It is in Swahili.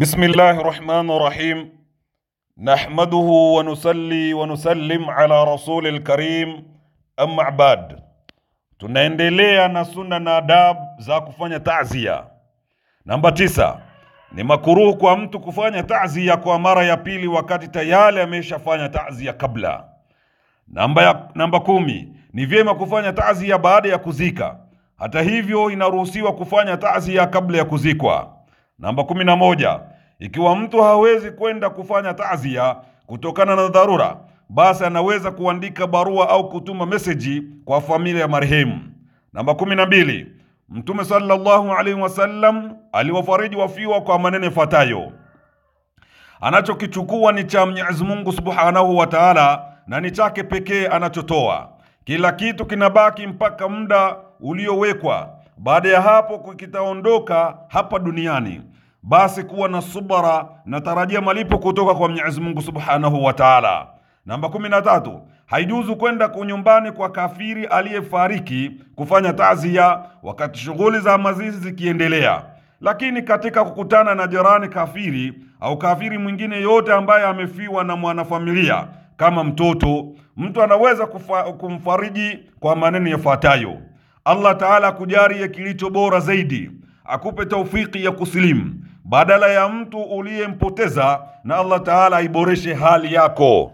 بسم الله الرحمن الرحيم نحمده ونصلي ونسلم ala رسول الكريم أما بعد tunaendelea na sunna na adabu za kufanya tazia namba tisa ni makuruhu kwa mtu kufanya tazia kwa mara ya pili wakati tayari ameshafanya tazia kabla namba, ya, namba kumi ni vyema kufanya tazia baada ya kuzika hata hivyo inaruhusiwa kufanya tazia kabla ya kuzikwa Namba kumi na moja, ikiwa mtu hawezi kwenda kufanya taazia kutokana na dharura, basi anaweza kuandika barua au kutuma meseji kwa familia ya marehemu. Namba kumi na mbili, Mtume sallallahu alaihi wasallam aliwafariji wafiwa kwa maneno yafuatayo: anachokichukua ni cha Mwenyezi Mungu subhanahu wa taala, na ni chake pekee anachotoa. Kila kitu kinabaki mpaka muda uliowekwa, baada ya hapo kitaondoka hapa duniani basi kuwa na subra na tarajia malipo kutoka kwa Mwenyezi Mungu Subhanahu wa Ta'ala. Namba 13, haijuzu kwenda kunyumbani kwa kafiri aliyefariki kufanya tazia wakati shughuli za mazishi zikiendelea, lakini katika kukutana na jirani kafiri au kafiri mwingine yote ambaye amefiwa na mwanafamilia kama mtoto, mtu anaweza kufa, kumfariji kwa maneno yafuatayo: Allah Ta'ala akujarie kilicho bora zaidi, akupe taufiki ya kusilimu badala ya mtu uliyempoteza, na Allah Taala aiboreshe hali yako.